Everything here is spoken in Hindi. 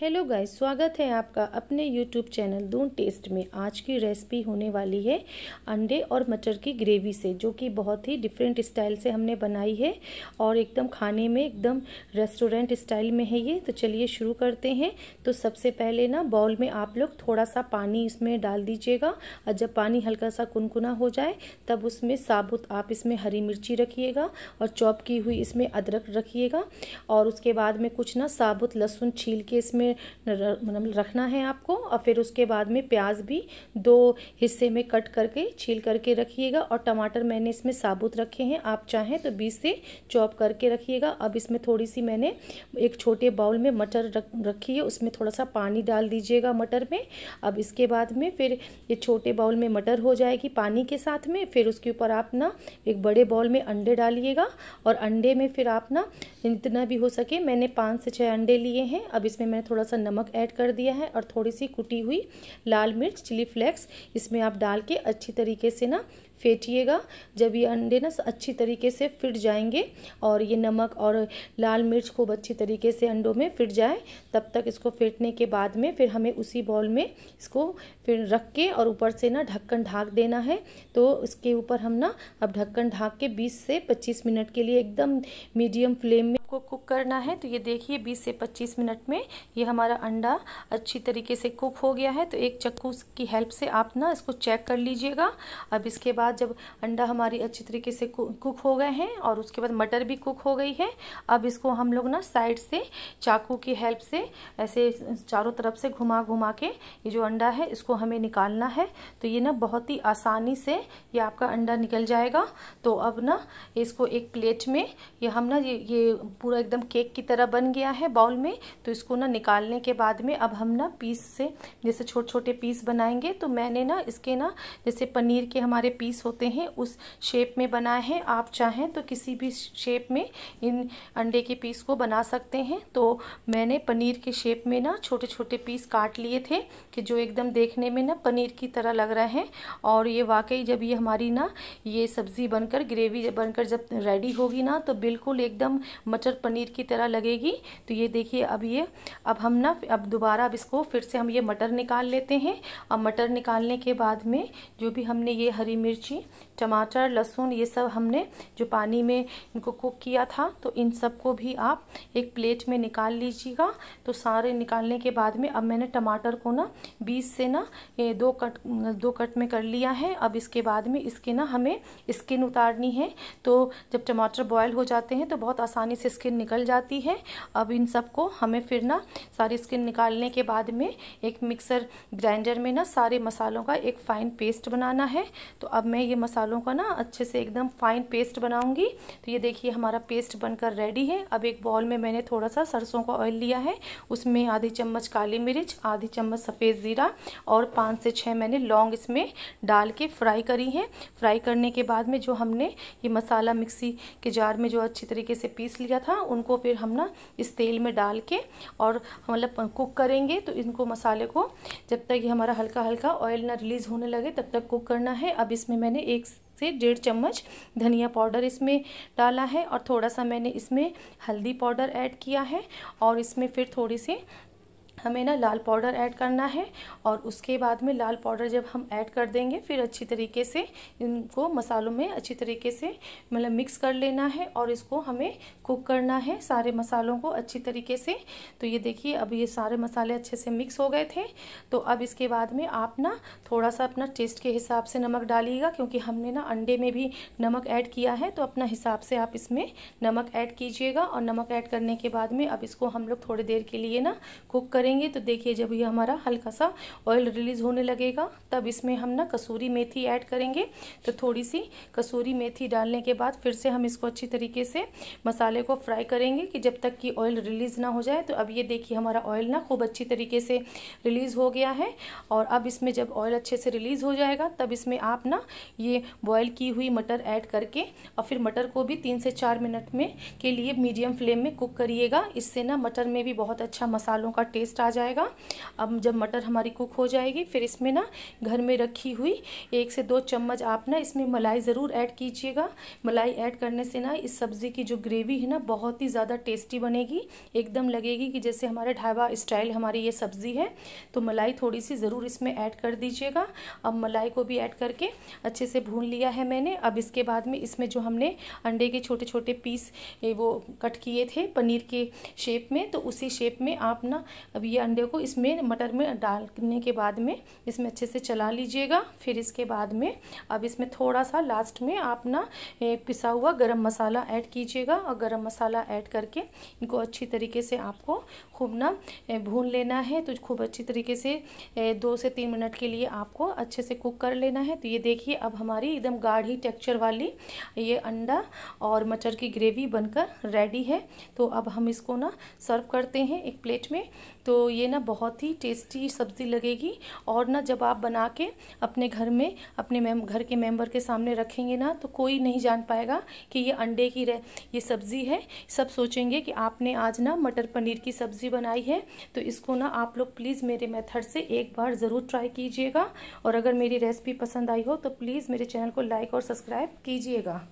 हेलो गाइस स्वागत है आपका अपने यूट्यूब चैनल दून टेस्ट में आज की रेसिपी होने वाली है अंडे और मटर की ग्रेवी से जो कि बहुत ही डिफरेंट स्टाइल से हमने बनाई है और एकदम खाने में एकदम रेस्टोरेंट स्टाइल में है ये तो चलिए शुरू करते हैं तो सबसे पहले ना बाउल में आप लोग थोड़ा सा पानी इसमें डाल दीजिएगा और जब पानी हल्का सा कुनकुना हो जाए तब उसमें साबुत आप इसमें हरी मिर्ची रखिएगा और चॉप की हुई इसमें अदरक रखिएगा और उसके बाद में कुछ ना साबुत लहसुन छील के इसमें में मतलब रखना है आपको और फिर उसके बाद में प्याज भी दो हिस्से में कट करके छील करके रखिएगा और टमाटर मैंने इसमें साबुत रखे हैं आप चाहें तो बीस से चॉप करके रखिएगा अब इसमें थोड़ी सी मैंने एक छोटे बाउल में मटर रख रखी है उसमें थोड़ा सा पानी डाल दीजिएगा मटर में अब इसके बाद में फिर ये छोटे बाउल में मटर हो जाएगी पानी के साथ में फिर उसके ऊपर आप ना एक बड़े बाउल में अंडे डालिएगा और अंडे में फिर आप ना इतना भी हो सके मैंने पाँच से छः अंडे लिए हैं अब इसमें मैंने थोड़ा थोड़ा सा नमक ऐड कर दिया है और थोड़ी सी कुटी हुई लाल मिर्च चिली फ्लेक्स इसमें आप डाल के अच्छी तरीके से ना फेंटिएगा जब ये अंडे ना अच्छी तरीके से फिट जाएंगे और ये नमक और लाल मिर्च खूब अच्छी तरीके से अंडों में फिट जाए तब तक इसको फेंटने के बाद में फिर हमें उसी बॉल में इसको फिर रख के और ऊपर से ना ढक्कन ढाक देना है तो इसके ऊपर हम ना अब ढक्कन ढाक के बीस से पच्चीस मिनट के लिए एकदम मीडियम फ्लेम में को कुक करना है तो ये देखिए 20 से 25 मिनट में ये हमारा अंडा अच्छी तरीके से कुक हो गया है तो एक चक्कू की हेल्प से आप ना इसको चेक कर लीजिएगा अब इसके बाद बाद जब अंडा हमारी अच्छी तरीके से कुक हो गए हैं और उसके बाद मटर भी कुक हो गई है अब इसको हम लोग ना साइड से चाकू की हेल्प से ऐसे चारों तरफ से घुमा घुमा के ये जो अंडा है इसको हमें निकालना है तो ये ना बहुत ही आसानी से ये आपका अंडा निकल जाएगा तो अब ना इसको एक प्लेट में ये हम ना ये ये पूरा एकदम केक की तरह बन गया है बाउल में तो इसको ना निकालने के बाद में अब हम ना पीस से जैसे छोटे छोटे पीस बनाएंगे तो मैंने ना इसके ना जैसे पनीर के हमारे पीस पीस होते हैं उस शेप में बनाए हैं आप चाहें तो किसी भी शेप में इन अंडे के पीस को बना सकते हैं तो मैंने पनीर के शेप में ना छोटे छोटे पीस काट लिए थे कि जो एकदम देखने में ना पनीर की तरह लग रहा है और ये वाकई जब ये हमारी ना ये सब्ज़ी बनकर ग्रेवी बनकर जब रेडी होगी ना तो बिल्कुल एकदम मटर पनीर की तरह लगेगी तो ये देखिए अब ये अब हम ना अब दोबारा अब इसको फिर से हम ये मटर निकाल लेते हैं और मटर निकालने के बाद में जो भी हमने ये हरी मिर्च मिर्ची टमाटर लहसुन ये सब हमने जो पानी में इनको कुक किया था तो इन सब को भी आप एक प्लेट में निकाल लीजिएगा तो सारे निकालने के बाद में अब मैंने टमाटर को ना बीस से ना ये दो कट दो कट में कर लिया है अब इसके बाद में इसके ना हमें स्किन उतारनी है तो जब टमाटर बॉयल हो जाते हैं तो बहुत आसानी से स्किन निकल जाती है अब इन सबको हमें फिर ना सारी स्किन निकालने के बाद में एक मिक्सर ग्राइंडर में ना सारे मसालों का एक फ़ाइन पेस्ट बनाना है तो अब मैं मैं ये मसालों का ना अच्छे से एकदम फाइन पेस्ट बनाऊंगी तो ये देखिए हमारा पेस्ट बनकर रेडी है अब एक बॉल में मैंने थोड़ा सा सरसों का ऑयल लिया है उसमें आधी चम्मच काली मिर्च आधी चम्मच सफ़ेद ज़ीरा और पाँच से छः मैंने लौंग इसमें डाल के फ्राई करी है फ्राई करने के बाद में जो हमने ये मसाला मिक्सी के जार में जो अच्छी तरीके से पीस लिया था उनको फिर हम ना इस तेल में डाल के और मतलब कुक करेंगे तो इनको मसाले को जब तक ये हमारा हल्का हल्का ऑयल ना रिलीज़ होने लगे तब तक कुक करना है अब इसमें मैंने एक से डेढ़ चम्मच धनिया पाउडर इसमें डाला है और थोड़ा सा मैंने इसमें हल्दी पाउडर ऐड किया है और इसमें फिर थोड़ी सी हमें ना लाल पाउडर ऐड करना है और उसके बाद में लाल पाउडर जब हम ऐड कर देंगे फिर अच्छी तरीके से इनको मसालों में अच्छी तरीके से मतलब मिक्स कर लेना है और इसको हमें कुक करना है सारे मसालों को अच्छी तरीके से तो ये देखिए अब ये सारे मसाले अच्छे से मिक्स हो गए थे तो अब इसके बाद में आप ना थोड़ा सा अपना टेस्ट के हिसाब से नमक डालिएगा क्योंकि हमने ना अंडे में भी नमक ऐड किया है तो अपना हिसाब से आप इसमें नमक ऐड कीजिएगा और नमक ऐड करने के बाद में अब इसको हम लोग थोड़ी देर के लिए ना कुक करें करेंगे तो देखिए जब ये हमारा हल्का सा ऑयल रिलीज़ होने लगेगा तब इसमें हम ना कसूरी मेथी ऐड करेंगे तो थोड़ी सी कसूरी मेथी डालने के बाद फिर से हम इसको अच्छी तरीके से मसाले को फ्राई करेंगे कि जब तक कि ऑयल रिलीज़ ना हो जाए तो अब ये देखिए हमारा ऑयल ना खूब अच्छी तरीके से रिलीज़ हो गया है और अब इसमें जब ऑयल अच्छे से रिलीज़ हो जाएगा तब इसमें आप ना ये बॉयल की हुई मटर ऐड करके और फिर मटर को भी तीन से चार मिनट में के लिए मीडियम फ्लेम में कुक करिएगा इससे ना मटर में भी बहुत अच्छा मसालों का टेस्ट टेस्ट आ जाएगा अब जब मटर हमारी कुक हो जाएगी फिर इसमें ना घर में रखी हुई एक से दो चम्मच आप ना इसमें मलाई ज़रूर ऐड कीजिएगा मलाई ऐड करने से ना इस सब्ज़ी की जो ग्रेवी है ना बहुत ही ज़्यादा टेस्टी बनेगी एकदम लगेगी कि जैसे हमारे ढाबा स्टाइल हमारी ये सब्ज़ी है तो मलाई थोड़ी सी ज़रूर इसमें ऐड कर दीजिएगा अब मलाई को भी ऐड करके अच्छे से भून लिया है मैंने अब इसके बाद में इसमें जो हमने अंडे के छोटे छोटे पीस वो कट किए थे पनीर के शेप में तो उसी शेप में आप ना अब ये अंडे को इसमें मटर में डालने के बाद में इसमें अच्छे से चला लीजिएगा फिर इसके बाद में अब इसमें थोड़ा सा लास्ट में आप ना पिसा हुआ गरम मसाला ऐड कीजिएगा और गरम मसाला ऐड करके इनको अच्छी तरीके से आपको खूब ना भून लेना है तो खूब अच्छी तरीके से दो से तीन मिनट के लिए आपको अच्छे से कुक कर लेना है तो ये देखिए अब हमारी एकदम गाढ़ी टेक्चर वाली ये अंडा और मटर की ग्रेवी बनकर रेडी है तो अब हम इसको ना सर्व करते हैं एक प्लेट में तो ये ना बहुत ही टेस्टी सब्ज़ी लगेगी और ना जब आप बना के अपने घर में अपने मेम घर के मेंबर के सामने रखेंगे ना तो कोई नहीं जान पाएगा कि ये अंडे की रह ये सब्ज़ी है सब सोचेंगे कि आपने आज ना मटर पनीर की सब्ज़ी बनाई है तो इसको ना आप लोग प्लीज़ मेरे मेथड से एक बार ज़रूर ट्राई कीजिएगा और अगर मेरी रेसिपी पसंद आई हो तो प्लीज़ मेरे चैनल को लाइक और सब्सक्राइब कीजिएगा